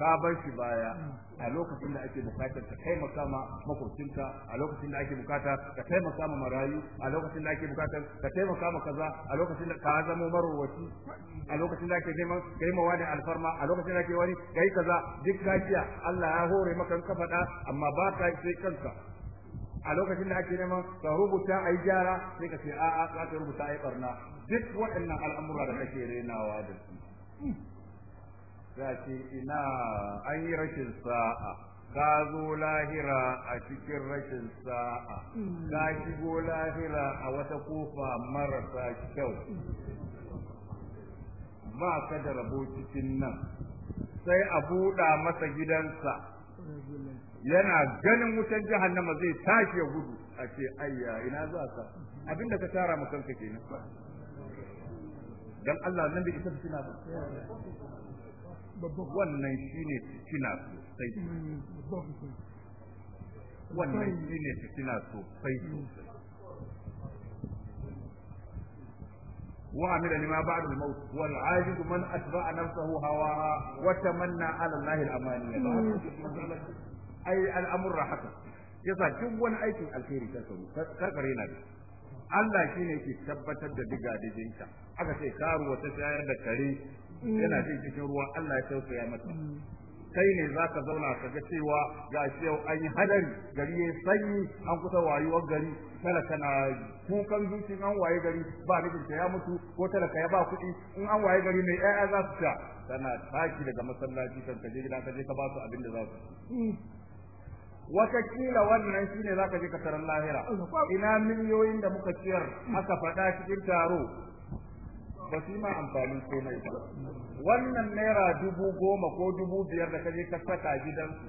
ka bar shi baya a lokacin da ake bukatar ka kai makama makocinka a lokacin da ake bukata ka kai makama marayu a lokacin da ake bukatar ka kai makama kaza a lokacin da ka zama marowaci a lokacin da ake neman kai ma wani alfarma a lokacin da ake wani kai kaza duk gaskiya Allah ya hore maka ka faɗa amma ba ka sai kanka a lokacin da ake neman ka rubuta a yi gyara sai ka ce a'a za ka rubuta a yi barna duk waɗannan al'amura da kake renawa da su za ce ina an yi rashin sa'a ka zo lahira a cikin rashin sa'a ka shigo lahira a wata kofa marasa kyau ba ka da rabo cikin nan sai a buɗa masa gidansa yana ganin wutan jahannama zai tashi ya gudu a ce ayya ina za ka abinda ka tara kanka kenan dan Allah nan da isa fitina ba wannan shine kina so sai wannan shine kina so sai wa amila lima ba'da al-maut wal 'ajiz man atba'a nafsahu hawa wa tamanna 'ala Allah al-amani mm. ai al-amr haka yasa duk wani aikin alheri ta ka kare na Allah shi ne ke tabbatar da diga dijinta aka ce karu ta shayar da kare yana cin cikin ruwa Allah ya ya mata mm. kai ne za ka zauna ka ga cewa ga shi yau an yi hadari gari ya sanyi an kusa wayuwar gari talaka kana kukan zuci an waye gari ba mijinta ya mutu ko talaka ya ba kuɗi in an waye gari mai 'ya'ya za su sha tana tashi daga masallaci kan ka je gida ka je ka ba su abin da za su watakila wannan shine ka je ka tarar lahira ina miliyoyin da muka ciyar aka faɗa cikin taro ba su ma amfani komai ba wannan naira dubu goma ko dubu biyar da je ka saka gidansu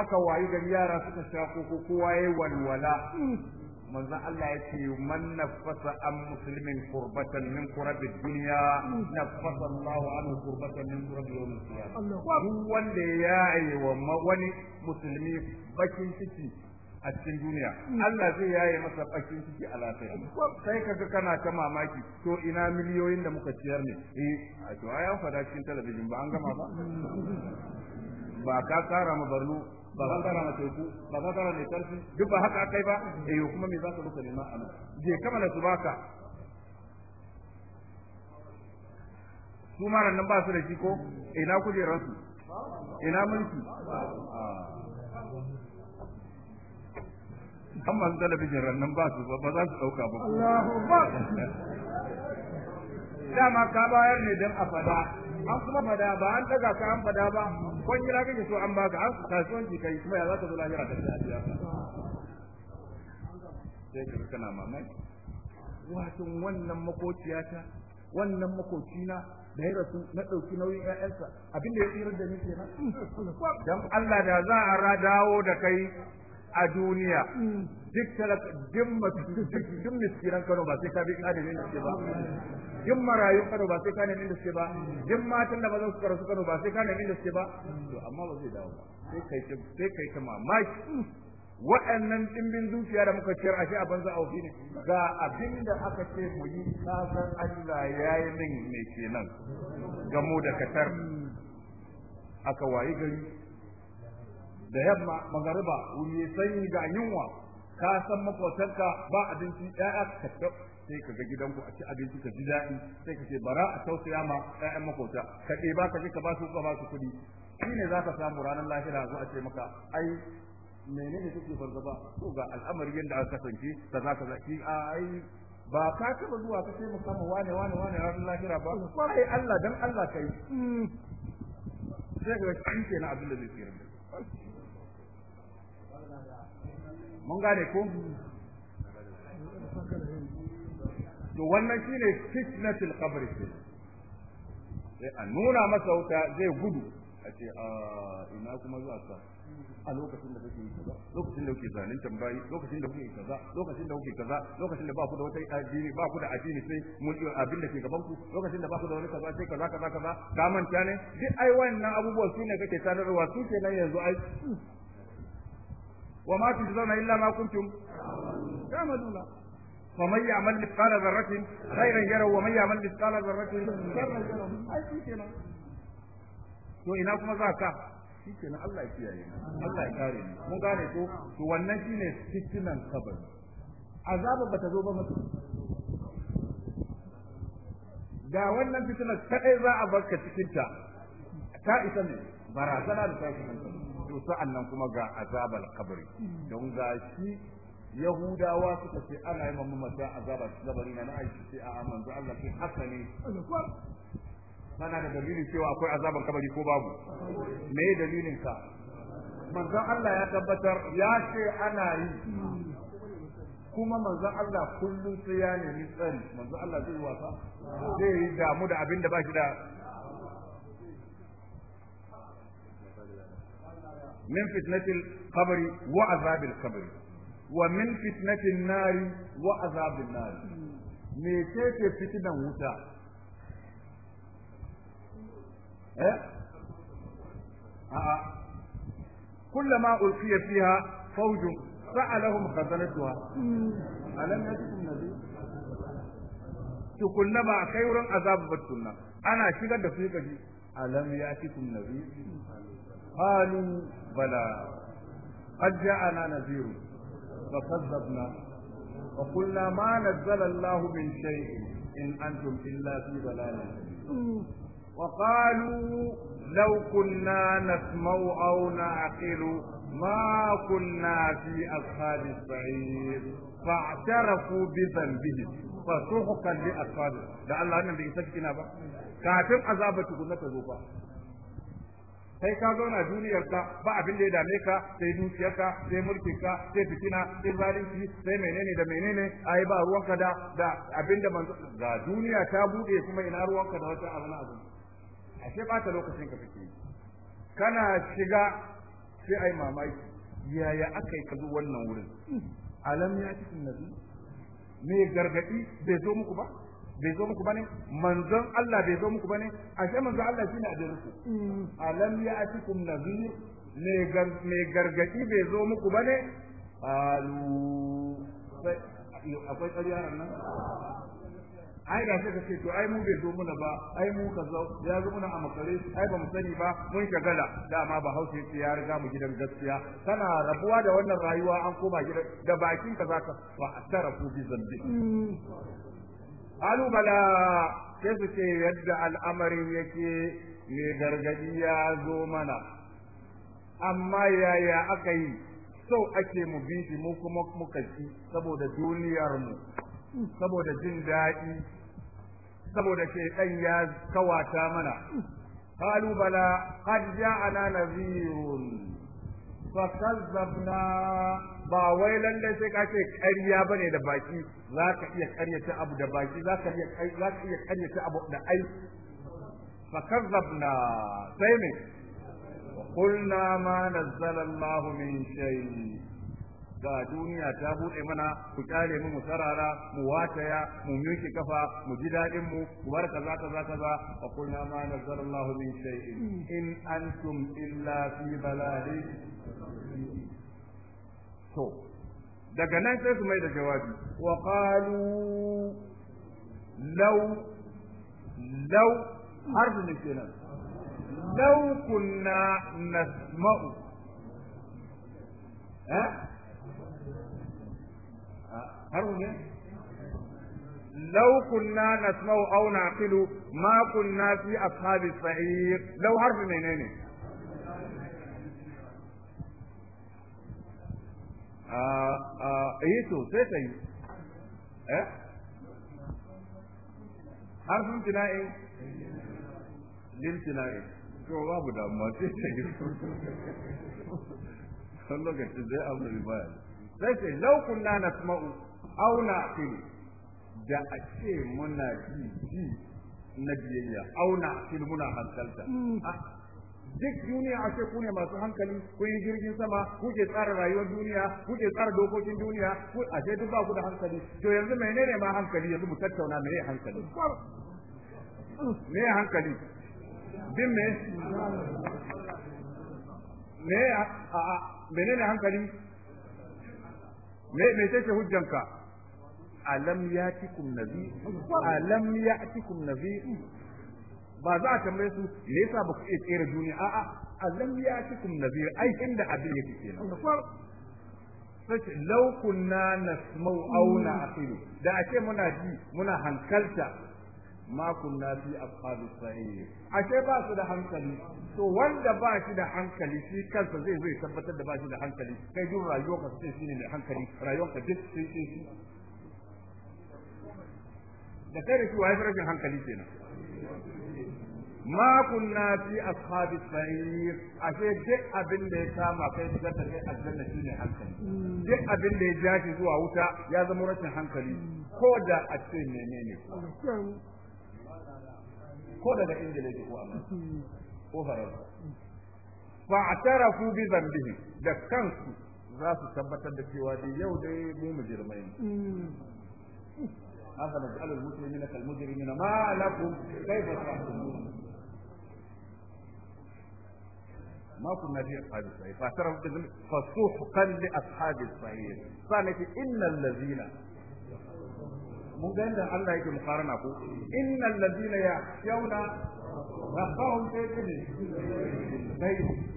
aka wayi gari yara suka sha koko kowa yayi walwala hmm. manzon Allah ya ce man nafasa an muslimin qurbatan min qurabi dunya nafasa Allah an qurbatan min qurabi yawm al duk wanda ya yi wa wani musulmi bakin ciki a cikin duniya hmm. Allah zai yaye masa bakin ciki a lafiya hmm. sai kaga kana ta mamaki to ina miliyoyin da muka ciyar ne eh to ai an fada cikin talabijin ba an gama ba hmm. ba ka kara ma barno ba ka tara na teku ba ka tara na karfi duk ba haka akai ba eh kuma me za ka rusa neman anan je kamala su baka su maran nan ba su da shi ko ina kujerar su ina mulki kan ah. masu talabijin rannan ba su ba za su dauka ba Allahu akbar dama ka bayar ne dan a fada an kuma fada ba an daga ka an fada ba ko kira kake so an baka an kasuwanci kai kuma ya za ka zo lahira ka ci ajiya ka sai ka kana mamaki wato wannan makociyata wannan makocina da ya rasu na ɗauki nauyin ƴaƴansa abin da ya tsira da ni kenan dan Allah da za a dawo da kai a duniya mm. duk talaka duk duk miskiran Kano ba sai ka bi kanin da suke ba duk marayu Kano ba sai ka nemi da suke ba duk matan da bazan su karasu Kano ba sai ka nemi da suke ba to amma ba zai dawo ba sai kai ta sai kai ta mamaki wa'annan dimbin zuciya da muka ciyar ashe a banza a ne ga abinda aka ce mu yi kasan Allah yayi min me kenan gamo da katar aka wayi gari da yamma magariba wuri sanyi ga yunwa ka san makotanka ba abinci ɗaya ka sai ka ga gidanku a ci abinci ka ji daɗi sai ka ce bara a tausaya ma ƴaƴan makota ka ɗeba ka je ka ba su ka ba su kuɗi ne za ka samu ranar lahira zo a ce maka ai menene kake fargaba ko ga al'amari yadda aka kasance da za ka zaki ai ba ka taba zuwa ka sai maka wane wane wane ranar lahira ba kwarai Allah dan Allah kai hmm. sai ga shi kenan abin da zai tsira mun gane ko to wannan shine fitnatul qabr sai a nuna masa wuta zai gudu a ce a ah, ina kuma zuwa ka a lokacin da kake kaza lokacin da kake zanin tambayi lokacin da kake kaza lokacin da kake kaza lokacin da ba ku da wata addini ba ku da addini sai mun yi abin da ke gaban ku lokacin da ba ku da wani kaza sai kaza kaza kaza ka manta ne duk ai wannan abubuwan su ne kake tararwa su ke nan yanzu ai وما تجزون إلا ما كنتم تعملون ومن يعمل مثقال ذرة خيرا يرى ومن يعمل مثقال ذرة شرا يرى أي شيء to ina kuma za ka shi ke na Allah ya kiyaye Allah ya kare ni mun gane to to wannan shine fitinan kabari azaba bata zo ba mutu ga wannan fitinan kadai za a barka cikin ta ta isa ne barazana da tashin hankali to sa'an nan kuma ga azabar kabari don gashi shi yahudawa suka ce ana yi mamu mata azabar kabari na aiki ce a manzo Allah ce haka ne kana da dalilin cewa akwai azabar kabari ko babu me dalilin ka manzo Allah ya tabbatar ya ce ana yi kuma manzo Allah kullum sai ya nemi tsari manzo Allah zai wasa zai damu da abin da ba shi da min fitnatil qabri wa azabil qabri wa min fitnatin nari wa azabin nari me ce ce fitinan wuta eh a'a kullama ulqiya fiha fawjun sa'alahum khazanatuha alam yatikum nabi tukunna ba kai wurin azabu battunna ana shigar da su kaji alam yatikum nabi قالوا بلى قد جاءنا نذير فكذبنا وقلنا ما نزل الله من شيء إن أنتم إلا في ضلال وقالوا لو كنا نسمع أو نعقل ما كنا في أصحاب السعير فاعترفوا بذنبهم فسحقا لأصحاب لعل أن بإسكتنا بقى كافر عذابة كنا تذوبها Sai ka zauna duniyarka ba abin da ya dame ka sai dukiyarka sai mulkinka sai fitina sai zalunci sai menene da menene ai ba ruwanka da da abin da ga duniya ta bude kuma ina ruwanka da wata abin abin ashe ba ta lokacin ka fike kana shiga sai ai mamaki yaya aka yi ka zo wannan wurin alam ya ci nabi me gargadi bai zo muku ba bai zo muku bane manzon Allah bai zo muku bane ashe manzon Allah shine ku mm. alam ya'tikum nadhir mai gargadi bai zo muku bane alu akwai kariya nan ai da sai kace to ai mu bai zo muna ba ai mu ka zo ya zo muna a makare ai ba mu sani ba mun shagala dama ba hausa yace ya riga mu gidan gaskiya kana rabuwa da wannan rayuwa an koma gidan da bakin ka zaka fa atarafu bi zambi mm. qalu bala sai su ce yadda al'amarin yake mai gargadi ya zo mana amma yaya aka yi sau ake mu bi shi mu kuma muka ci saboda duniyar mu saboda jin daɗi saboda shekan ya kawata mana qalu bala qad ja'ana nadhirun فكذبنا ba wai lallai sai ka ce ƙarya bane da baki za ka iya ƙaryata abu da baki za ka iya za ka iya ƙaryata abu da ai fa kazzabna sai ne qulna ma nazzala Allah min shay ga duniya ta bude mana ku kyale mu mu sarara mu wataya mu miki kafa mu ji dadin mu ku bar kaza kaza kaza wa qulna ma nazzala Allah min shay in antum illa fi balahi to daga nan sai su mai da jawabi wa qalu law law harfin kenan law kunna nasma'u eh harfin ne لو كنا نسمع او نعقل ما كنا في اصحاب السعير لو حرف منين a yi eh to sai ta yi eh harfin tina'in lil tina'in to babu damuwa sai ta yi kan shi zai abu da baya sai ta yi laukun na na sma'u da a ce muna ji ji na biyayya au fili muna hankalta mm. ah, duk duniya a ku ne masu hankali ku yi jirgin sama ku ke tsara rayuwar duniya ku ke tsara dokokin duniya ku a duk ba ku da hankali to yanzu menene ma hankali yanzu mu tattauna me hankali me hankali din me me a a menene hankali me me take hujjanka alam yatikum nabi alam yatikum nabi ba za a tambaye su me yasa ba ku iya tsere duniya a'a alam ya na nazir ai inda abin yake kenan sace law kunna nasma'u aw fili da ake muna ji muna hankalta ma kunna fi ashabis sa'ir ashe ba su da hankali to wanda ba shi da hankali shi kansa zai zai tabbatar da ba shi da hankali kai duk ka sai shine mai hankali ka duk sai shi da kai da shi wai rashin hankali kenan ma kunna fi ashabi sa'ir ashe duk abin da ya kama kai fitar da kai aljanna shine hankali duk abin da ya jashi zuwa wuta ya zama rashin hankali ko da a ce menene ko daga inda ne ko amma ko faransa fa'tarafu bi dhanbihi da kansu za su tabbatar da cewa dai yau dai mu mujrimai ne هذا نجعل المسلمين كالمجرمين ما لكم كيف تحكمون ما كنا في اصحاب الصعيد فاعترف فسحقا لاصحاب الصعيد فانت ان الذين مو مجند الله يجي مقارنة إن الذين يخشون ربهم في الغيب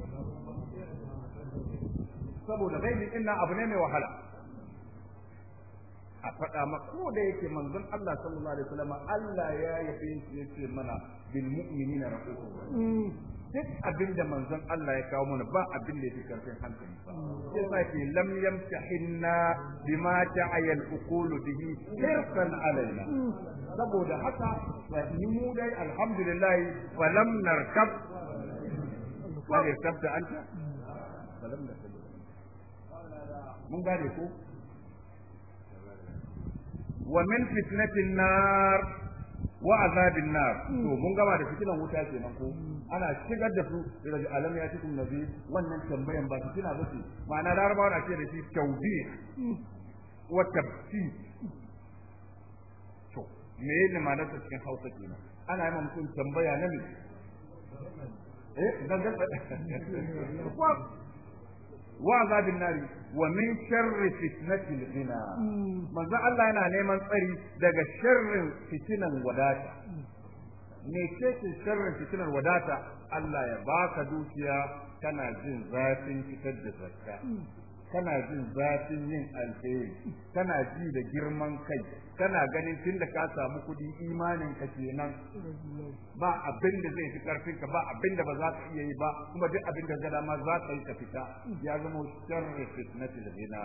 سبوا الغيب إن أبنين وهلأ a faɗa ma ko da yake manzon Allah sallallahu alaihi wasallam Allah ya yabe shi yace mana bil mu'minina rafiqun duk abin da manzon Allah ya kawo mana ba abin da yake karfin hankali ba sai ma ke lam yamtahinna bima ta'ayya al-uqulu bihi sirran alaina saboda haka ni mu dai alhamdulillah wa lam narkab wa anta lam narkab mun gane ko wa min fitnatin nar wa azabin nar to mun gama da fitinan wuta kenan ko ana shigar da su daga alam ya cikin nabi wannan tambayan ba su kina bace ma'ana larabawa na ce da shi tawbi wa tabti to me ne ma'ana ta cikin hausa kenan ana yi mutum tambaya na ne eh dan wa azabin nar wa min sharri al ghina hmm. manzo Allah yana neman tsari daga sharrin fitinan wadata me ce sharrin fitinan wadata Allah ya baka dukiya kana jin zafin fitar da zakka hmm. kana jin zafin yin alheri kana ji da girman kai kana ganin tun da ka samu kuɗi imanin ka kenan ba abin da zai fi karfin ka ba abin da ba za ka iya yi ba kuma duk abin da gada ma za ka yi ka fita ya zama sharri fitnati da bina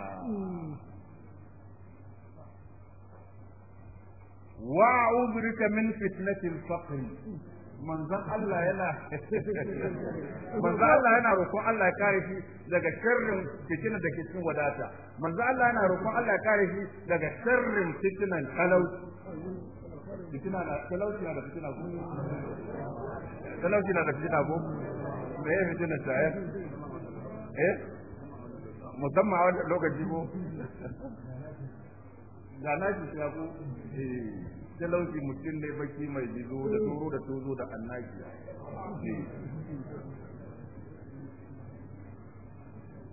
wa'udrika min fitnatil faqr manzan Allah yana manzan Allah yana roƙon Allah ya kare shi daga sharrin fitinan da ke cikin wadata manzan Allah yana roƙon Allah ya kare shi daga sharrin fitinan talauci fitina na talauci na da fitina ko talauci na da fitina ko me ya fitina ta eh? eh musamman a lokacin ko da na shi ko eh talauci mutum ne baki mai bizo da turo da tuzo da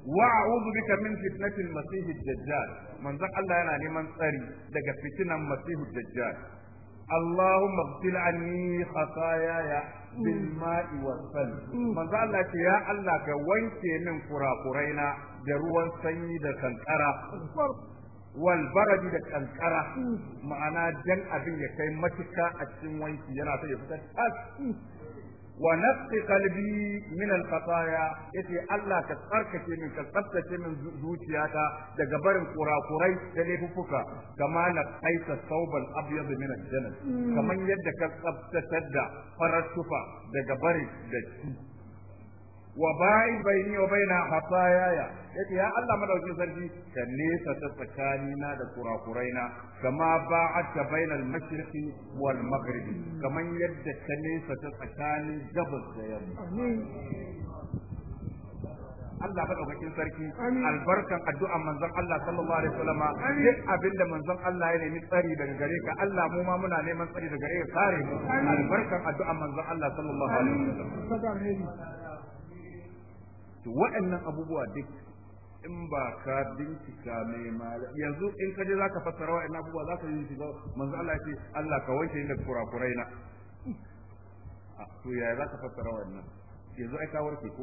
wa a'udhu bika min fitnatil dajjal manzo Allah yana neman tsari daga fitinan masih ad-dajjal Allahumma ghfir anni khataaya bil ma'i wa sal manzo Allah ce ya Allah ka wanke min kurakuraina da ruwan sanyi da kankara walbaradi da kankara ma'ana jan abin ya kai matuka a cikin wanki yana so ya fita tas wa nafsi qalbi min al qataya yace Allah ka tsarkake min ka tsaftace min zuciyata daga barin kurakurai da laifuka, kama na kaita sauban abyad min al jannah hmm. kaman yadda ka tsaftace da farar tufa daga barin datti wa bai ni, wa baina hasayaya yace ya Allah madauki sarki ka nesa ta tsakani na da kurakuraina kama ba'atta bainal mashriqi wal maghribi kaman yadda ka nesa ta tsakanin gabas da yamma Allah madaukakin sarki albarkan addu'a manzon Allah sallallahu alaihi wasallam duk abinda manzon Allah ya nemi tsari daga gare ka Allah mu ma muna neman tsari daga gare ka mu albarkan addu'a manzon Allah sallallahu alaihi wasallam to waɗannan abubuwa duk in ba ka bincika mai ma yanzu in ka je zaka fassara waɗannan abubuwa zaka yi shiga manzo Allah ce Allah ka wanke ni da kurakurai na to yaya zaka fassara waɗannan yanzu ai ka warke ko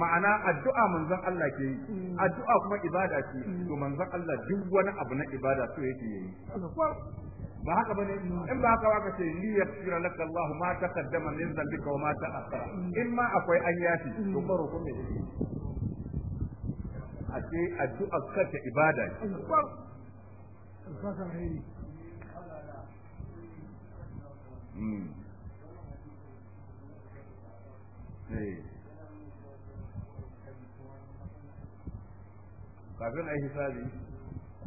ma'ana addu'a manzo Allah ke yi addu'a kuma ibada ce to manzo Allah duk wani abu na ibada so yake yi ba haka bane in ba haka ka ce ni ya tsira laka Allah ma ta kaddama min zalika wa ma ta akhara in ma akwai an yafi to baro ko me a ce addu'a kace ibada Mm. Kafin a yi hisabi,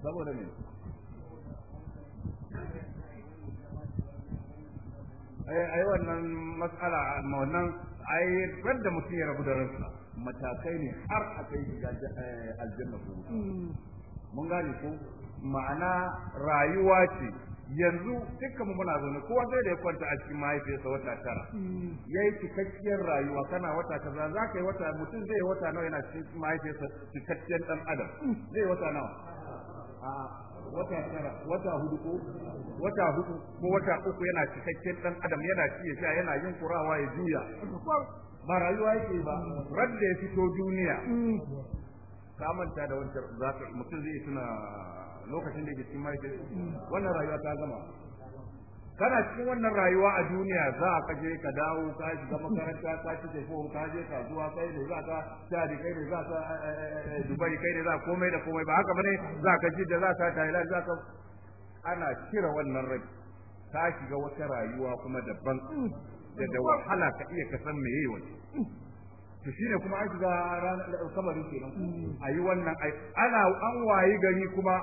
saboda ne? Eh, ai wannan matsala ma wannan ai radda mutum ya rabu da ransa matakai ne har a kai shiga eh, aljanna ko hmm. mun gane ko ma'ana rayuwa ce yanzu dukkan mu muna zaune kowa sai da ya kwanta a cikin mahaifiyarsa wata tara hmm. yayi cikakkiyar rayuwa kana wata kaza za ka yi wata mutum zai yi wata nawa yana cikin mahaifiyarsa cikakkiyar dan adam hmm. zai yi wata nawa ah. wata tara wata hudu ko wata hudu ko wata uku yana cikakken dan adam yana ci ya sha yana yin kurawa ya juya ba rayuwa yake ba ran da ya fito duniya ka manta da wancan zaka mutum zai tuna lokacin da yake cikin mai wannan rayuwa ta gama kana cikin wannan rayuwa a duniya za a kaje ka dawo ka shiga makaranta ka ci tafi ka je kasuwa kai ne za ka shadi kai ne za ka eh, eh, eh, dubai kai ne za komai da komai ba haka bane za ka ji da za ka thailand za ka ana cire wannan rai ka shiga wata rayuwa kuma daban da da wahala ka iya ka san meye wani to shine kuma an shiga ranar kamarin kenan ayi wannan ai ana an wayi gari kuma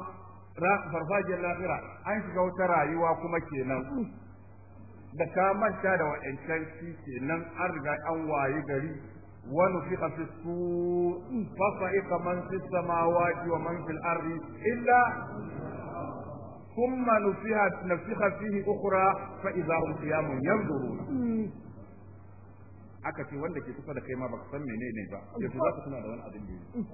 farfajiyar lafira an shiga wata rayuwa kuma kenan da ka manta da wa'ancan shi kenan an riga an waye gari fi su ونفخ في الصور فصعق من في السماوات ومن في الأرض إلا ثم نفخ نفخ فيه أخرى ya هم yan zuru aka ce wanda ke kusa da kai ma ba ka san menene ba yanzu za ka suna da wani abin da ya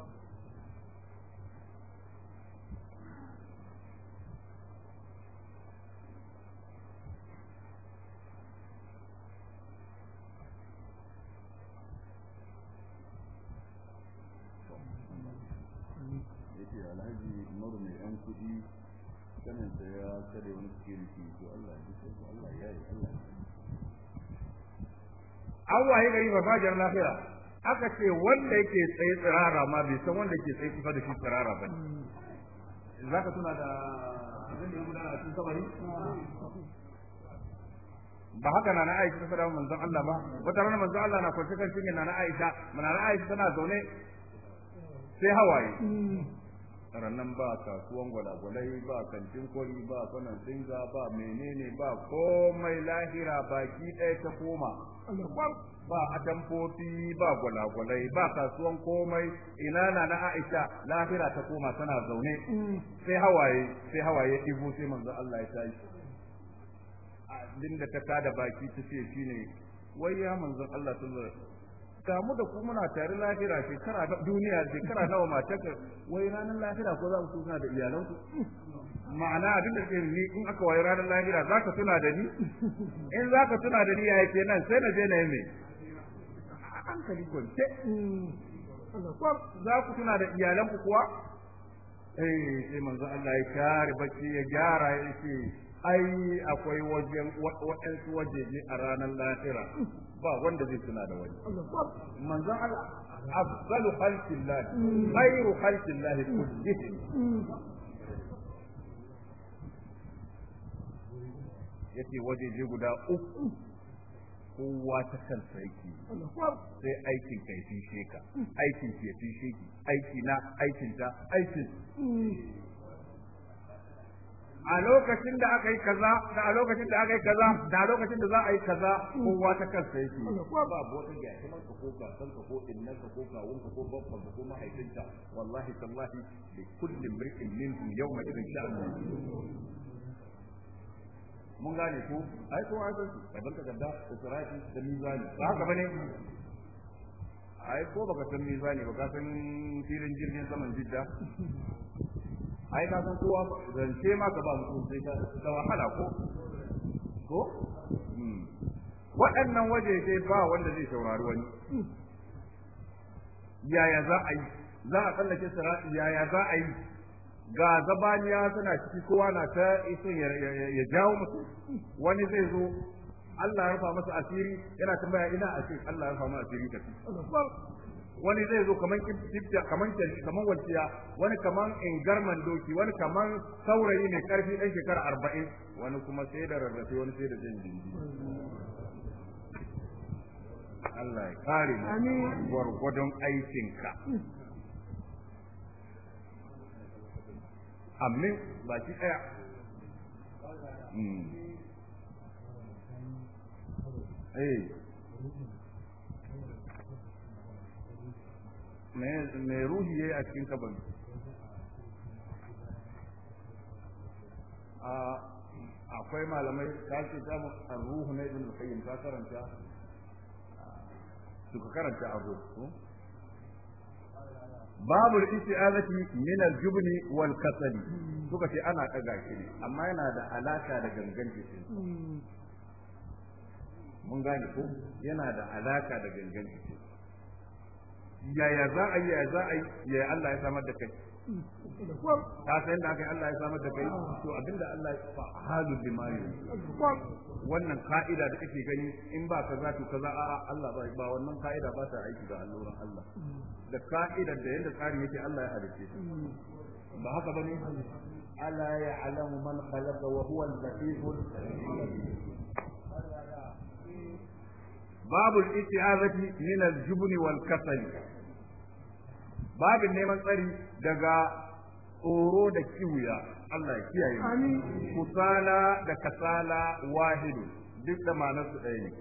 shi sanin da ya kare wani kirki to Allah ya ce Allah ya yi Allah Allah ya gari ba fajar lafiya aka ce wanda yake tsaye tsirara ma bai san wanda yake tsaye kusa da shi tsirara ba ne za ka tuna da abin da ya gudana a cikin kabari ba haka na na Aisha ta manzon Allah ba wata rana manzon Allah na kwance kan cikin na na Aisha mana na Aisha tana zaune sai hawaye rannan ba kasuwan gwalagwalai ba kantin kwari ba sanan singa ba menene ba komai lahira baki ɗaya ta koma ba atamfofi ba gwalagwalai ba kasuwan komai ina na na Aisha lahira ta koma tana zaune sai hawaye sai hawaye ɗigo sai manzo Allah ya tashi abinda ta kada baki ta ce shine wai ya manzo Allah sallallahu kamu da ku muna tare lahira shekara duniya shekara nawa ka wai ranar lahira ko za ku tuna da iyalanku ma'ana duk da ke ni in aka wai ranar lahira za ka tuna da ni in za ka tuna da ni yaya kenan sai na je na yi mai hankali Ko za ku tuna da iyalanku kuwa eh sai manzo Allah ya kare bacci ya gyara ya ce ai akwai wajen waɗansu ne a ranar lahira ba wanda zai tuna da wani manzon Allah afdalu khalqillah khairu khalqillah kullihim yace je guda uku kowa ta kan sarki sai aikin kai sheka, aikin kaifin sheki, aiki na aikin ta aikin a lokacin da aka yi kaza da a lokacin da aka yi kaza da a lokacin da za a yi kaza kowa ta kansa yake ko bu wata kuma ka ko ka san ka ko inna ka ko kawun ka ko babban ka ko mahaifinka wallahi tallahi li kulli mri'in minhum yawma idin Allah mun gane ko ai ko san su da barka da sirati da mizani ba haka bane ai ko baka san mizani ba ka san filin jirgin saman jidda ai ka san kowa zance ma ka ba mutum sai ka da wahala ko ko hmm. waɗannan waje sai ba wanda zai saurari wani yaya za a yi za a tsallake sirati yaya za a yi ga zabaniya suna ciki kowa na ta iso ya jawo mutum wani zai zo Allah ya rufa masa asiri yana tambaya ina asiri Allah ya rufa masa asiri kafi wani zai zo kaman kibta kaman kaman walciya wani kaman garman doki wani kaman saurayi mai karfi dan shekara arba'in wani kuma sai da rarrafe wani sai da jan jinji Allah ya kare mu gwargwadon aikinka amin ki tsaya hmm. eh mai ruhi yi a cikin kabari akwai malamai Ta ce ta ruhu na ibn qayyim ta karanta su ka karanta a abu babu isti'azati min al-jubni wal kasali suka ce ana daga shi ne amma yana da alaka da gangan jiki hmm. mun gane ko yana da alaka da gangan jiki yaya za a yi yaya za a yi yaya Allah ya samar da kai ta san da kai Allah ya samar da kai to abinda Allah ya fa halu mayu, wannan ka'ida da kake gani in ba kaza to kaza a Allah ba ba wannan ka'ida ba ta aiki ga alluran Allah da ka'idar da yadda tsarin yake Allah ya halice ba haka bane Allah ya alamu man khalaqa wa huwa al-latiful min al-jubni wal-kasali babin neman tsari daga tsoro da kiwuya Allah ya kiyaye kusala da kasala wahidu duk da ma'anarsu ɗaya ne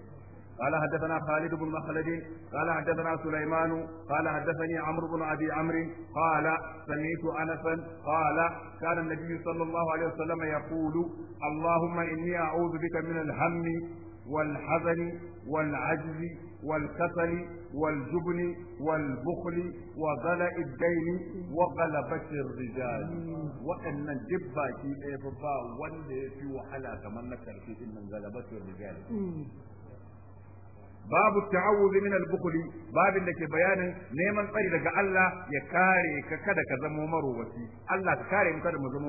قال حدثنا خالد بن مخلد قال حدثنا سليمان قال حدثني عمرو بن ابي عمرو قال سمعت انسا قال كان النبي صلى الله عليه وسلم يقول اللهم اني اعوذ بك من الهم والحزن والعجز والكسل والجبن والبخل وغلاء الدين وغلبة الرجال وأن الجبة كي إفبا وانده في وحلا كمان نكرتي إن غلبة الرجال babu ta'awuzi min al-bukhli babin dake bayanin neman tsari daga Allah ya kare ka kada ka zama marowaci Allah ka kare mu kada mu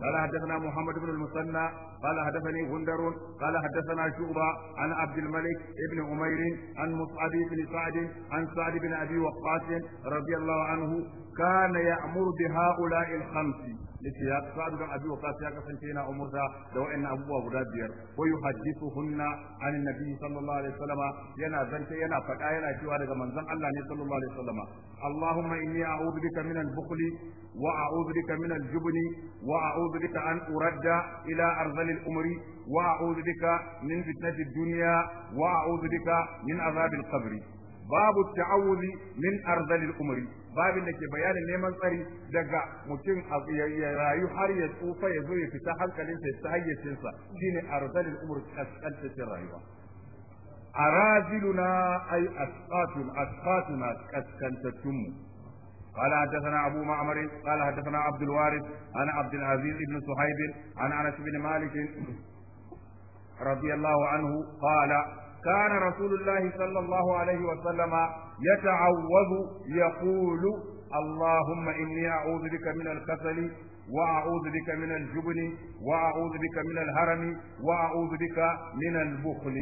قال حدثنا محمد بن المثنى قال حدثني غندر قال حدثنا شعبة عن عبد الملك بن عمير عن مصعب بن سعد عن سعد بن أبي وقاص رضي الله عنه كان يأمر بهؤلاء الخمس yace ya sa'ad dan abi waqas ya kasance yana umurta da wa'annan abubuwa guda biyar wa yuhaddithuhunna an nabi sallallahu alaihi wasallam yana zance yana faɗa yana cewa daga manzon Allah ne sallallahu alaihi wasallam Allahumma inni a'udhu bika min al-bukhl wa a'udhu bika min al-jubn wa a'udhu bika an uradda ila arzal al-umr wa a'udhu bika min fitnati ad-dunya wa a'udhu bika min azab al-qabr babu at-ta'awudh min arzal al-umr babin da ke bayanin neman tsari daga mutum ya rayu har ya tsufa ya zo ya fita hankalinsa ya fita hayyacinsa shine arzalil umur kaskantacin rayuwa أرازلنا أي أسقاتنا أسقاتنا كسكنتتم قال حدثنا أبو معمر قال حدثنا عبد الوارث عن عبد العزيز بن صهيب عن أنس بن مالك رضي الله عنه قال كان رسول الله صلى الله عليه وسلم يتعوذ يقول اللهم إني أعوذ بك من الكسل وأعوذ بك من الجبن وأعوذ بك من الهرم وأعوذ بك من البخل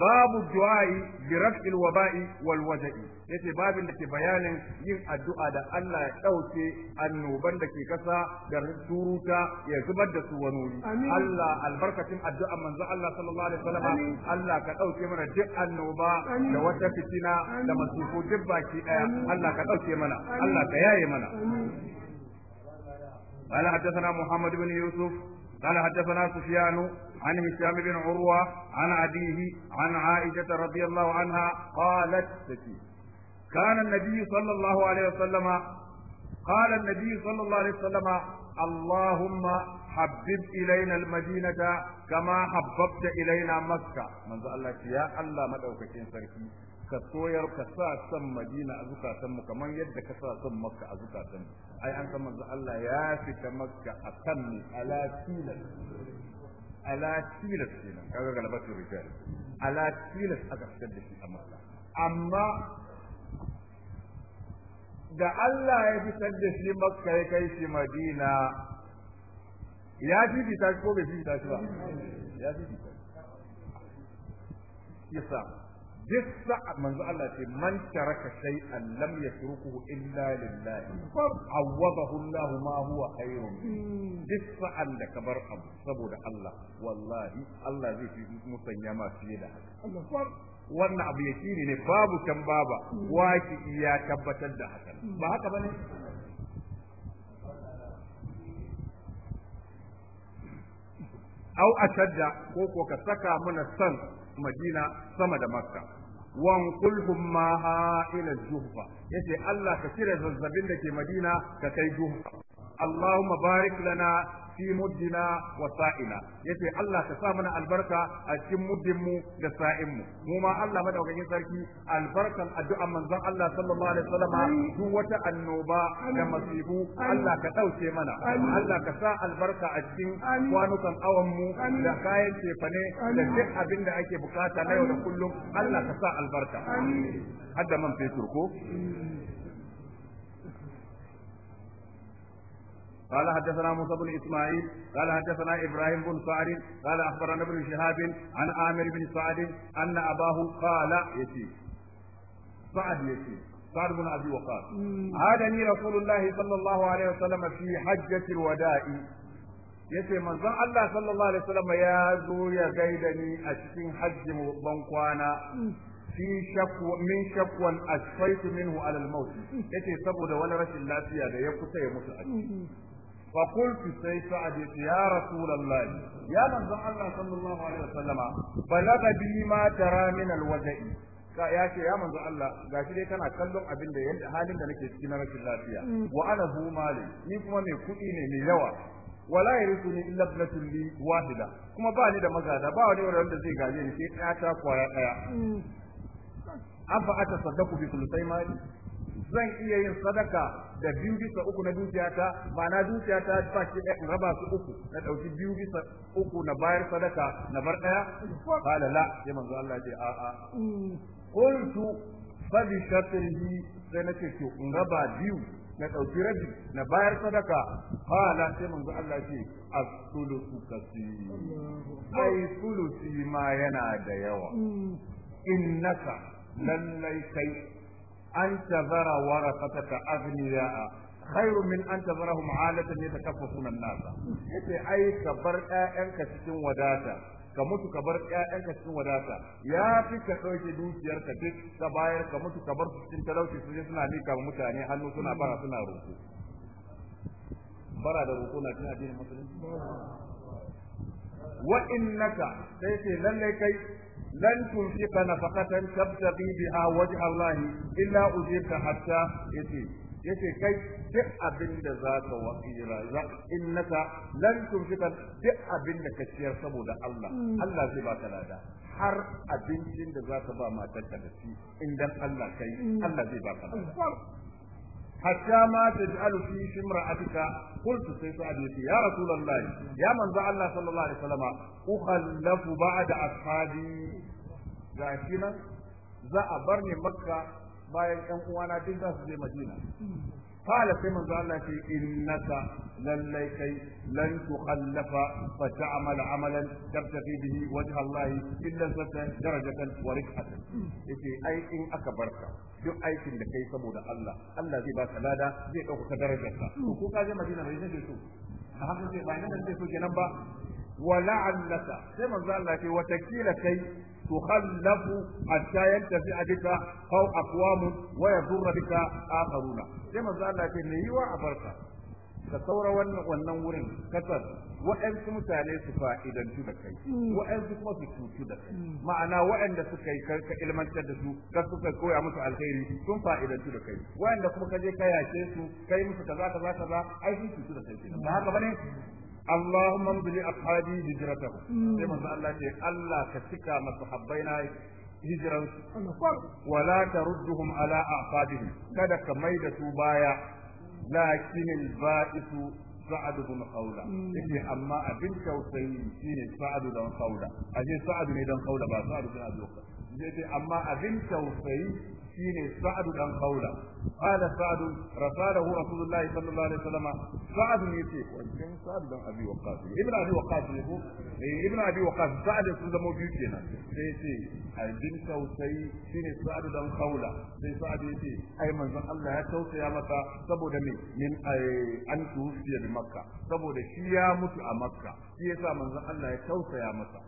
babu du'a'i bi raf'il waba'i wal wada'i yace babin da ke bayanin yin addu'a da Allah ya dauke annoban da ke kasa da suruta ya zubar da su wani wuri Allah albarkatin addu'a manzo Allah sallallahu alaihi wasallam Allah ka dauke mana duk annoba da wata fitina da masifu duk baki daya Allah ka dauke mana Allah ka yaye mana قال حدثنا محمد بن يوسف قال حدثنا سفيان عن هشام بن عروة عن أبيه عن عائشة رضي الله عنها قالت كان النبي صلى الله عليه وسلم قال النبي صلى الله عليه وسلم اللهم حبب إلينا المدينة كما حببت إلينا مكة من ذا الله يا الله ما دوكتين سركي ka soyar ka sa san Madina a zukatanmu kamar yadda ka sa san Makka a zukatanmu ai an san manzo Allah ya fita Makka akan mu ala tilas ala tilas kenan kaga galabatul rijal ala tilas aka fitar da shi amma amma da Allah ya fitar da shi makka ya kai shi madina ya fifita ko bai fifita shi ba ya fifita yasa duk sa'a manzo Allah ce man taraka shay'an lam yatrukuhu illa lillah awwadahu Allah ma huwa khairun hmm. duk sa'an da ka bar abu saboda Allah wallahi Allah zai fi musanya ma fiye da haka wannan abu yakini ne babu kan baba hmm. waki iya tabbatar da haka hmm. ba haka bane au ashadda ko ko ka saka mana san madina sama da makka Wan wankul hummaha ila ya ce Allah ka cire zazzabin da ke madina ka kai juhfa Allahu بارك لنا fi muddina wa sa'ina yace Allah ka sa mana albarka a cikin muddin mu da sa'in mu mu ma Allah madaukakin sarki albarkan addu'an manzon Allah sallallahu alaihi wasallama duk wata annoba da masifu Allah ka dauke mana Allah ka sa albarka a cikin kwanukan awan mu da kayan cefane da duk abin da ake bukata na yau da kullum Allah ka sa albarka hadda man fetur ko قال حدثنا موسى بن اسماعيل قال حدثنا ابراهيم بن سعد قال اخبرنا ابن شهاب عن عامر بن سعد ان اباه قال يتي سعد يتي سعد بن ابي وقاص هذا رسول الله صلى الله عليه وسلم في حجه الوداع yace manzon Allah sallallahu alaihi wasallam ya zo ya gaida ni a cikin hajji ban kwana fi min shakwan asfaitu minhu ala al-maut yace saboda wani rashin lafiya da ya kusa ya mutu a فقلت سي سعد يا رسول الله يا من الله صلى الله عليه وسلم بلغ بي ما ترى من ya ce ya manzo Allah gashi dai kana kallon abin da yanda halin da nake ciki na rashin lafiya wa ana mali ni kuma mai kuɗi ne mai yawa wala yarithuni illa ibnatun li wahida kuma ba ni da magada ba wani wanda zai gaje ni sai ɗaya ta kwara ɗaya afa atasaddaqu bi sulusai mali zan iya yin sadaka da biyu bisa uku na dukiyata ma'ana dukiyata ba shi in raba su uku na ɗauki biyu bisa uku na bayar sadaka na bar ɗaya Ba la ya manzo Allah ce a a kuntu fa bi shatrihi sai nake ki in raba biyu na ɗauki rabi na bayar sadaka la, sai manzo Allah ce as-sulusu kasir ai sulusi ma yana da yawa mm. innaka lallai kai an tazara warasataka agniya'a خير من alatan تذرهم an nasa, yace ai ka bar أنك cikin wadata ka mutu ka bar ƴaƴanka cikin wadata ya fi ka ɗauke dukiyarka duk ka bayar ka mutu ka bar su cikin talauci su je suna mika wa mutane hannu suna bara suna roƙo bara da roƙo na cikin addinin musulunci wa innaka sai ce lallai kai لن تنفق نفقة تبتغي بها وجه الله إلا أجيبك حتى يتيب yace kai duk abin da za ka wa'ira za innaka lan tunfika duk abin da ka ciyar saboda Allah Allah zai baka lada har abincin da za ka ba ka da shi in dan Allah kai Allah zai baka lada hatta ma ta taj'alu fi shimra'atika qultu sai sa'ad yace ya rasulullahi ya manzo Allah sallallahu alaihi wasallam ukhallafu ba'da ashabi shi nan za a bar ni makka bayan ƴan uwana duk za su je madina qala sai manzo Allah ce innaka lallai kai lan tukhallafa fa ta'mal amalan tabtaqi bihi wajha Allah illa zata darajatan wa rifatan yace ai in aka barka duk aikin da kai saboda Allah Allah zai baka lada zai dauka darajarka ko ka je Madina bai zai so a haka sai bai nan so ba sai Allah watakila kai تخلف حتى ينتفع بك أو أقوام ويضر بك آخرون كما قال الله تنهي وعبرك كثور والنور كثر wa'yansu mutane su fa'idantu da kai wa'yansu kuma su cutu da kai ma'ana wa'yanda suka yi karka ilmantar da su ka koya musu alheri sun fa'idantu da kai wa'yanda kuma ka je ka kai musu kaza kaza kaza cutu da kai اللهم امضي لاصحابي هجرتهم sai manzo Allah ce Allah ka cika masahabbaina hijran wala tarudduhum ala a'qabihim kada ka maida su baya lakin al a sa'ad bin qawla hmm. yake amma abin tausayi shine sa'ad dan qawla aje sa'ad ne dan qawla ba sa'ad amma abin tausayi shine sa'ad dan haula qala sa'ad rasalahu rasulullahi sallallahu alaihi wasallam sa'ad ne yace wannan sa'ad dan abi waqas ibn abi waqas ne ko eh, ibn abi waqas sa'ad sun zama biyu kenan sai yace abin tausayi shine sa'ad dan haula sai sa'ad yace ai manzon Allah ya tausaya masa saboda me min an tuhiya bi makka saboda shi ya mutu a makka shi yasa manzon Allah ya tausaya masa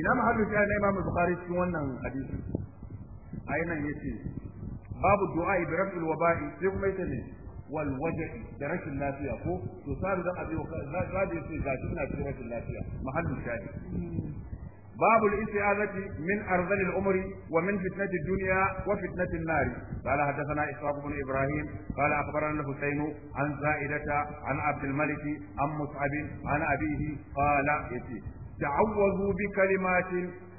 ina mahallin shi na Imam Bukhari cikin wannan hadisi ayinan yace babu du'a Ibrahim raf'il waba'i sai kuma yace ne wal waj'i da rashin lafiya ko to sai da abi za da yace ga shi na cikin rashin lafiya mahallin shahid باب الاستعاذة من أرذل الأمر ومن فتنة الدنيا وفتنة النار قال حدثنا إسحاق بن إبراهيم قال أخبرنا الحسين عن زائدة عن عبد الملك عن مصعب عن أبيه قال تعوذوا بكلمات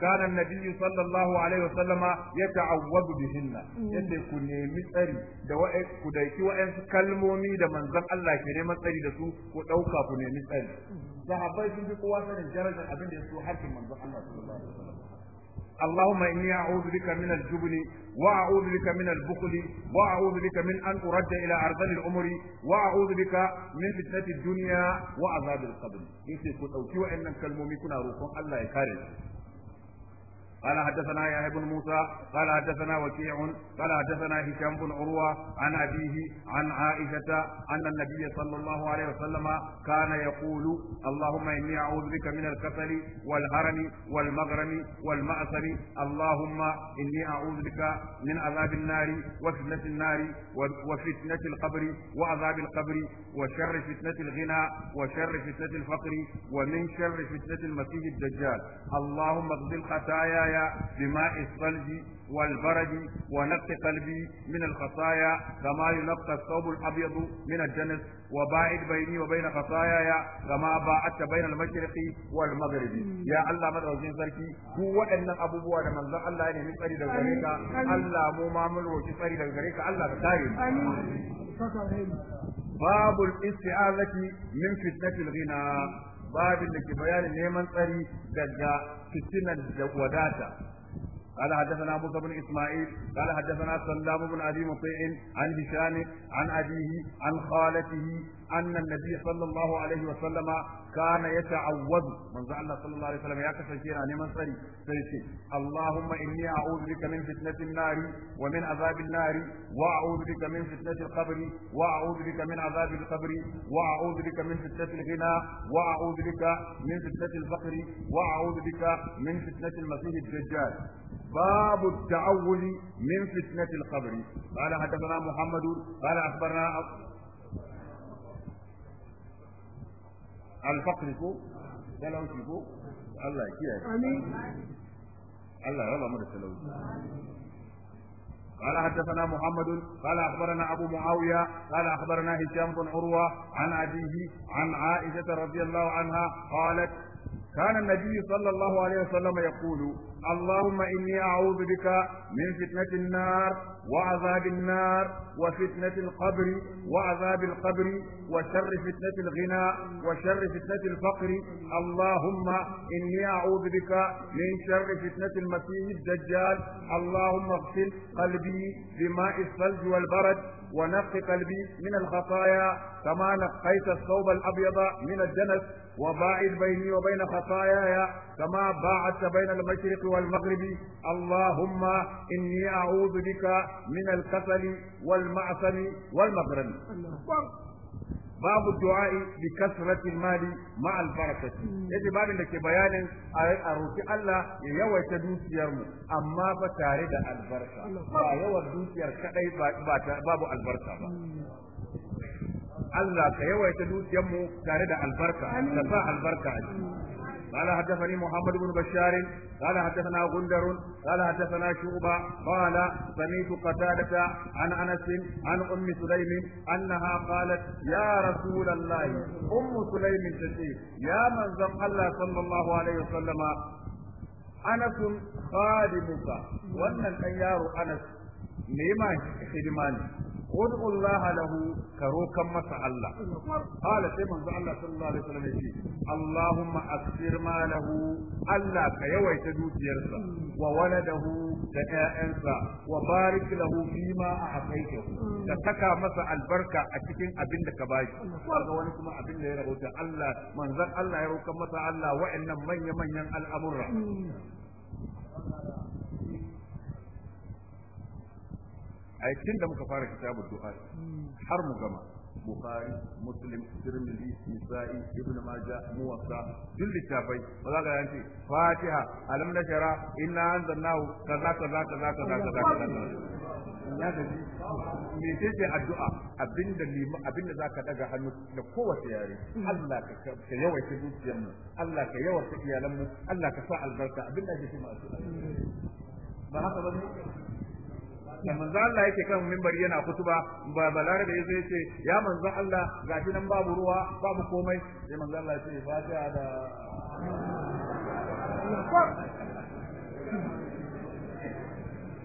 كان النبي صلى الله عليه وسلم يتعوذ بهن yadda ku nemi tsari da ku daiki wa'ansu kalmomi da manzon Allah ke neman tsari da su ku ɗauka ku nemi tsari sahabbai sun fi kowa sanin darajar abin ya so harkin manzon Allah sallallahu alaihi اللهم إني أعوذ بك من الجبن وأعوذ بك من البخل وأعوذ بك من أن أرد إلى أرذل العمر وأعوذ بك من فتنة الدنيا وعذاب القبر يسي كنت أوكي وإن كلمومي كنا روكم الله يكاري قال حدثنا يا ابن موسى قال حدثنا وكيع قال حدثنا هشام بن عروة عن أبيه عن عائشة أن النبي صلى الله عليه وسلم كان يقول اللهم إني أعوذ بك من الكسل والهرم والمغرم والمأثر اللهم إني أعوذ بك من عذاب النار وفتنة النار وفتنة القبر وعذاب القبر وشر فتنة الغنى وشر فتنة الفقر ومن شر فتنة المسيح الدجال اللهم اغزل خطاياي الخطايا بماء الثلج والبرد ونقص قلبي من الخطايا كما ينقى الثوب الأبيض من الدنس وباعد بيني وبين خطاياي كما باعدت بين المشرق والمغرب يا الله مدعوزين سركي هو أن أبو بوا من ذا الله يعني سري دغريك الله مو مامل وشي سري دغريك الله تكارم باب الاستعاذة من فتنة الغنى babin da ke bayanin neman tsari daga fitinan da wadata قال حدثنا موسى بن اسماعيل قال حدثنا سلام بن ابي مطيع عن هشام عن ابيه عن خالته أن النبي صلى الله عليه وسلم كان يتعوذ من زعل صلى الله عليه وسلم يا كفشير أن يمسري اللهم إني أعوذ بك من فتنة النار ومن عذاب النار وأعوذ بك من فتنة القبر وأعوذ بك من عذاب القبر وأعوذ بك من فتنة الغنى وأعوذ بك من فتنة الفقر وأعوذ بك من فتنة المسيح الدجال باب التعوذ من فتنة القبر قال حدثنا محمد قال أخبرنا alfaqri ko talauci ko Allah ya kiyaye amin Allah ya raba mu da talauci قال حدثنا محمد قال اخبرنا ابو معاويه قال اخبرنا هشام بن عروه عن ابيه عن عائشه رضي الله عنها قالت كان النبي صلى الله عليه وسلم يقول اللهم إني أعوذ بك من فتنة النار وعذاب النار وفتنة القبر وعذاب القبر وشر فتنة الغنى وشر فتنة الفقر اللهم إني أعوذ بك من شر فتنة المسيح الدجال اللهم اغسل قلبي بماء الثلج والبرد ونقي قلبي من الخطايا كما نقيت الثوب الأبيض من الدنس وباعد بيني وبين خطاياي كما باعدت بين المشرق والمغرب اللهم إني أعوذ بك من الكسل والمعصم والمغرب babu du'a'i bi kasrati mali ma al barakati yace babin da ke bayanin a roki Allah ya yawaita dukiyar mu amma ba tare da albarka ba yawan dukiyar kadai babu albarka ba Allah ka yawaita dukiyar mu tare da albarka da sa albarka a ciki قال حدثني محمد بن بشار قال حدثنا غندر قال حدثنا شعبة قال سمعت قتادة عن أنس عن أم سليم أنها قالت يا رسول الله أم سليم تشير يا من زم الله صلى الله عليه وسلم أنس خادمك وأن الأيار أنس نيما خدماني wad'u Allah lahu ka rokan masa Allah qala sai manzo Allah sallallahu alaihi wasallam yace Allahumma akthir malahu Allah ka yawaita dukiyarsa wa waladahu da ƴaƴansa wa barik lahu fima a'taytahu ka saka masa albarka a cikin abin da ka bashi kaga wani kuma abin da ya rabauta Allah manzon Allah ya roƙa masa Allah wa'annan manya manyan al'amurra ai tun da muka fara kitabun du'a har mu gama bukhari muslim tirmidhi nisa'i ibnu majah muwatta duk littafai ba za ka ga ce fatiha alam nashara inna anzalnahu kaza kaza kaza kaza kaza kaza ya da ji me ce addu'a abinda lima abinda zaka daga hannu da kowace yare Allah ka ka yawaita zuciyar mu Allah ka yawaita iyalan mu Allah ka sa albarka abinda ake cewa addu'a ba haka ba ne manzo Allah yake kan minbari yana kutuba ba balare da yazo yace ya manzo Allah gashi nan babu ruwa babu komai sai manzo Allah yace fatiha da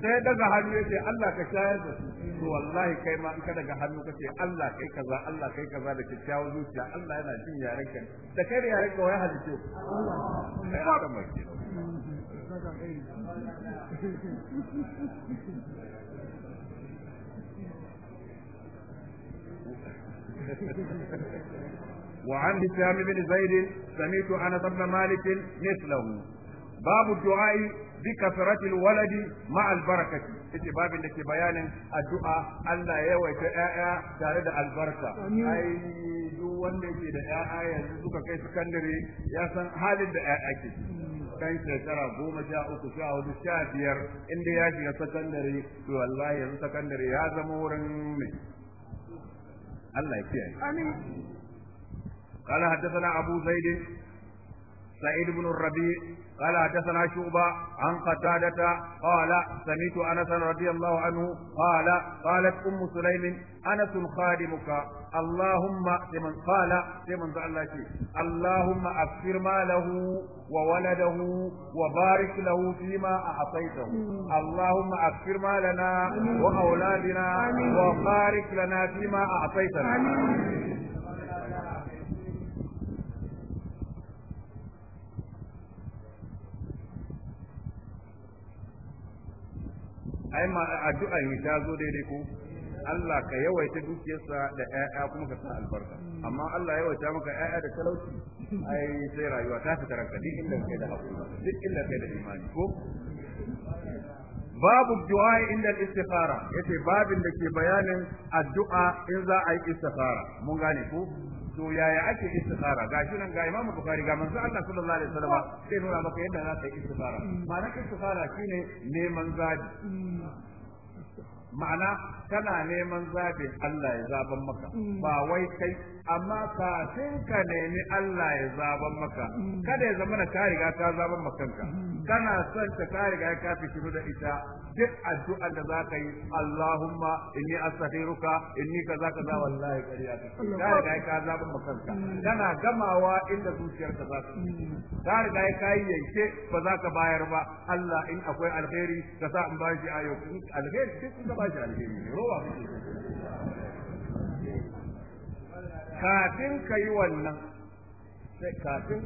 sai daga hannu yace Allah ka shayar da su to wallahi kai ma in ka daga hannu kace Allah kai kaza Allah kai kaza da kyakkyawar zuciya Allah yana jin yarenka da kai da yarenka wai halice Allah وعن هشام بن زيد سمعت انس بن مالك مثله باب الدعاء بكثرة الولد مع البركة في باب انك بيان الدعاء ألا يويت آآ تارد البركة اي دو wanda yake da ƴaƴa yanzu suka kai sakandare ya san halin dan shekara goma sha uku sha hudu sha biyar inda ya shiga sakandare to wallahi yanzu sakandare ya zama wurin ne Allah ya kiyaye amin قال حدثنا أبو زيد سعيد بن الربيع قال حدثنا شعبة عن قتادة قال سمعت أنس رضي الله عنه قال قالت أم سليم أنس خادمك اللهم لمن قال لمن الله شيء اللهم أكثر ماله وولده وبارك له فيما أعطيته اللهم أكثر مالنا وأولادنا وبارك لنا فيما أعطيتنا ai ma addu'a ne ta zo daidai ko Allah ka yawaita dukiyarsa da ƴaƴa kuma ka sa albarka amma Allah ya yawaita maka ƴaƴa da talauci ai sai rayuwa ta fita ranka duk inda kai da hakuri duk inda kai da imani ko babu du'a inda al-istikhara yace babin da ke bayanin addu'a in za a yi istikhara mun gane ko to yaya ake istikhara gashi nan ga imamu Bukhari ga manzo Allah sallallahu alaihi wasallam sai nuna maka yadda za ka yi istikhara ma'anar istikhara shine neman zabi ma'ana kana neman zabin Allah ya zaban maka ba wai kai amma kafin ka nemi Allah ya zaban maka kada ya zama na ka riga ka zaban makanka kana son ta kare ga ka fitiru da ita duk addu'a da zaka yi Allahumma inni astaghfiruka inni kaza kaza wallahi kariya ka ga ka zaba makanka kana mm. gamawa inda zuciyarka za ta mm. ka ga ka yi yanke ba za ka bayar ba Allah in akwai alheri ka sa in bashi ayo alheri duk ka bashi alheri rowa kafin ka yi wannan sai kafin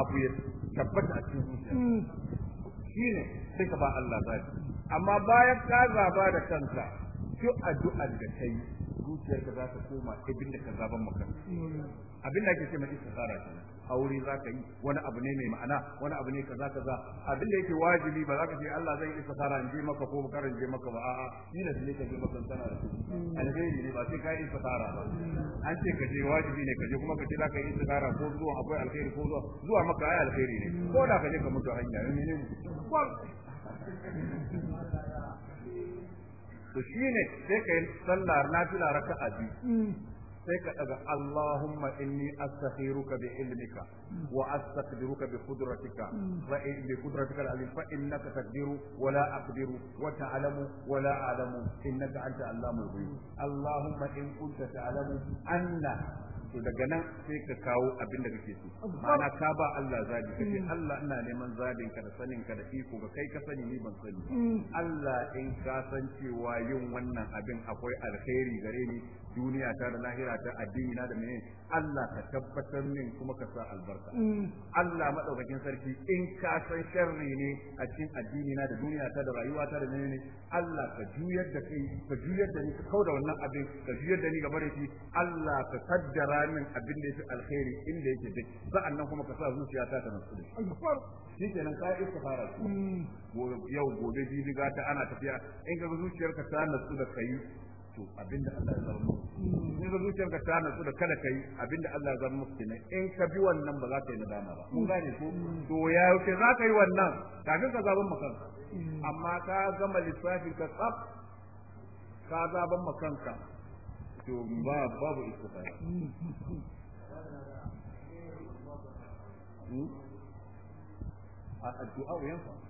abu ya tabbata a cikin zuciya hmm. ne sai ka ba Allah zaki amma bayan ka zaba da kanka ki addu'ar da kai zuciyarka za ta koma abin ka zaban maka hmm. ake ce mai istisara kenan aure za ka yi wani abu ne mai ma'ana wani abu ne kaza kaza abin da yake wajibi ba za ka ce Allah zai isa fara in je maka ko ba karan je maka ba a'a ni na je ka je maka sana da su alheri ne ba sai ka yi isa fara ba an ce ka je wajibi ne ka je kuma ka ce za ka yi isa fara ko zuwa akwai alheri ko zuwa zuwa maka ai alheri ne ko da ka je ka mutu hanya ne ne to shine sai ka yi sallar nafila raka'a biyu sai ka daga Allahumma inni astakhiruka bi ilmika wa astaqdiruka bi qudratika fa in bi qudratika alim fa innaka taqdiru wa la aqdiru wa ta'lamu wa la a'lamu innaka anta allamul ghuyub Allahumma in kunta ta'lamu anna to daga nan sai ka kawo abin da kake so ma'ana ka ba Allah zabi kace Allah ina neman zabin ka da sanin ka da iko ga kai ka sani ni ban sani mm. Allah in ka san cewa yin wannan abin akwai alkhairi gare ni duniya ta da lahira ta addini na da menene Allah ka tabbatar min kuma ka sa albarka mm. Allah madaukakin sarki in ka san sharri ne a cikin addini na da duniya ta da rayuwa ta da menene Allah ka juyar da kai ka juyar da ni ka kauda wannan abin ka juyar da ni gaba da shi Allah ka kaddara min abin da yake alkhairi inda yake dai sa'annan kuma ka sa zuciya ta nasu shi kenan ka yi istikhara mm. yau gobe jibi ta ana tafiya in ka zuciyarka ta nasu da kai to abinda Allah ya zama muku ne ga zuciyar ka tana su da kada kai abinda Allah ya zama muku ne in ka bi wannan ba za ka yi nadama ba kun gane ko to ya yake za ka yi wannan kafin ka zaban makanka amma ka gama lissafin ka tsaf ka zaban makanka to ba babu istifai hmm? a addu'a yanfa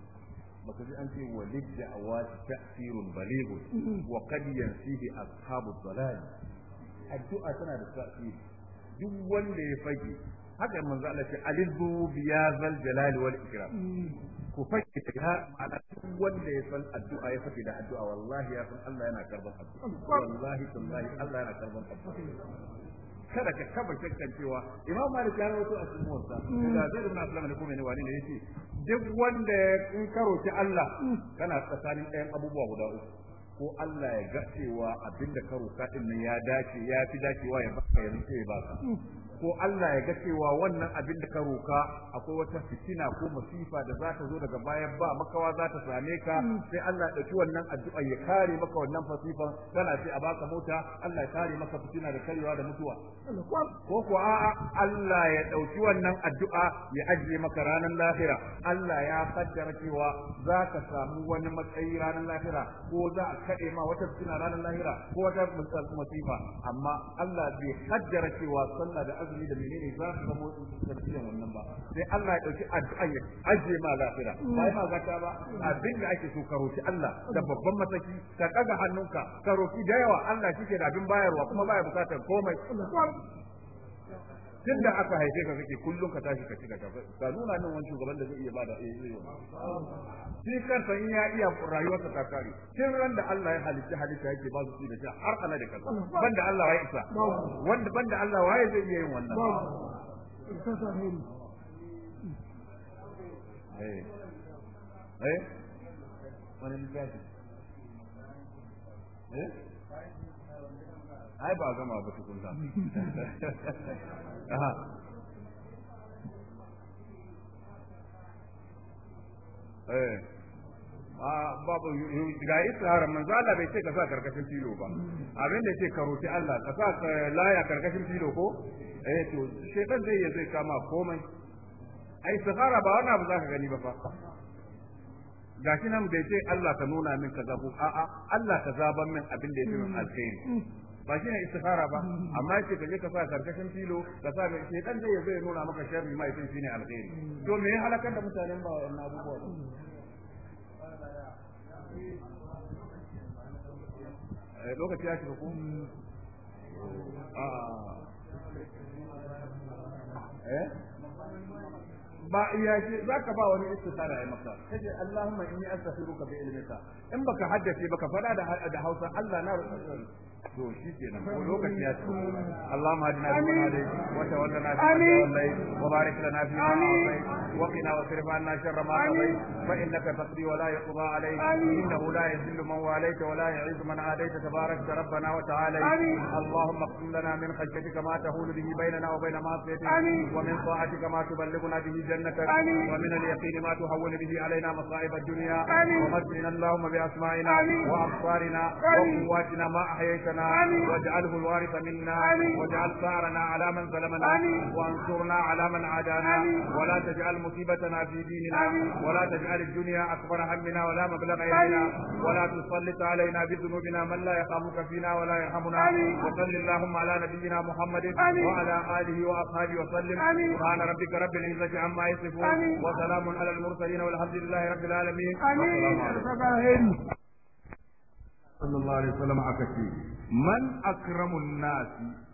baka ji an ce walid da'awati ta'sirun baligh mm-hmm. wa qad yansihi ashabu dhalal addu'a tana da ta'siri duk wanda ya fage haka manzo Allah ce alizu biya zal jalali wal ikram mm-hmm. ku fake ta ma'ana duk wanda ya san addu'a ya fake da addu'a wallahi ya san Allah yana karban addu'a wallahi tallahi Allah yana karban addu'a kada ka taba shakkan cewa imam malik ya rawaito a cikin wasa mm. da zai ibn aslam ne kuma ne wani ne yace duk wanda ya ta Allah mm. kana tsakanin ɗayan abubuwa guda uku ko Allah ya ga cewa abinda ka din nan ya dace ya fi dacewa ya baka ya rike ya baka mm. ko Allah ya ga cewa wannan abin da ka roka akwai wata fitina ko masifa da za ta zo daga bayan ba makawa za ta same ka sai Allah ya ɗauki wannan addu'a ya kare maka wannan fasifan kana ce a baka mota Allah ya kare maka fitina da karewa da mutuwa ko ko a'a Allah ya ɗauki wannan addu'a ya ajiye maka ranar lahira Allah ya kaddara cewa za ka samu wani matsayi ranar lahira ko za a kaɗe ma wata fitina ranar lahira ko wata masifa amma Allah bai kaddara cewa sallah da azumi da menene za su zama sanadiyan wannan ba sai Allah ya ɗauki addu'an ya aje ma lafira ba ma zaka ba abin da ake so ka roki Allah da babban mataki ka kaga hannunka ka roki da yawa Allah kike da abin bayarwa kuma baya bukatar komai duk da aka haife ka kake kullum ka tashi ka ci gaba ka nuna nan wani shugaban da zai iya bada yi. zai shi kansa in ya iya rayuwar ta kare kin ran da Allah ya halicci halitta yake ba su ci da sha har ana da kasa banda Allah ya isa wanda banda Allah waye zai iya yin wannan eh eh wani misali eh ai ba gama ba tukunna eh ah, babu ga tsara manzo Allah bai ce ka sa karkashin filo ba abin da yake karoti Allah ka sa eh, laya karkashin filo ko eh to shekan zai yi zai kama komai ai tsara ba wani abu za ka gani ba fa shi nan bai ce Allah ka nuna min kaza ko a'a Allah ka zaban min abin da yake min alkhairi ba shi ne istikhara ba amma ce ka je ka sa karkashin filo ka sa mai sai dan zai zai nuna maka sharri mai sai shine alheri to me ya halakar da mutanen ba wannan abubuwa ba eh, lokaci ya shiga ko ah. eh ba iyace za ka ba wani istihara ya maka ce Allahumma inni astaghfiruka bi ilmika in baka haddace baka fada da da Hausa Allah na rubuta to shi kenan ko lokaci ya ci Allahumma hadina fi man hadayt wa tawallana fi man tawallayt wa barik lana fi ma atayt wa qina wa sirf anna sharra ma qadayt fa innaka taqdi wa la yuqda alayk innahu la yadhillu man walayt wa la yu'izzu man adayt tabarakta rabbana wa ta'ala اللهم اقسم لنا من خشيتك ما تهون به بيننا وبين معصيتك ومن طاعتك ما تبلغنا به جنتك ومن اليقين ما تهون به علينا مصائب الدنيا اللهم وقواتنا ما واجعله الوارث منا واجعل ثارنا على من ظلمنا وانصرنا على من عادانا ولا تجعل مصيبتنا في ديننا ولا تجعل الدنيا اكبر همنا ولا مبلغ علمنا ولا تسلط علينا بذنوبنا من لا يخافك فينا ولا يرحمنا وصل اللهم على نبينا محمد وعلى اله واصحابه وسلم سبحان ربك رب العزه عما يصفون وسلام على المرسلين والحمد لله رب العالمين السلام عليكم صلى الله عليه وسلم أكتي من أكرم الناس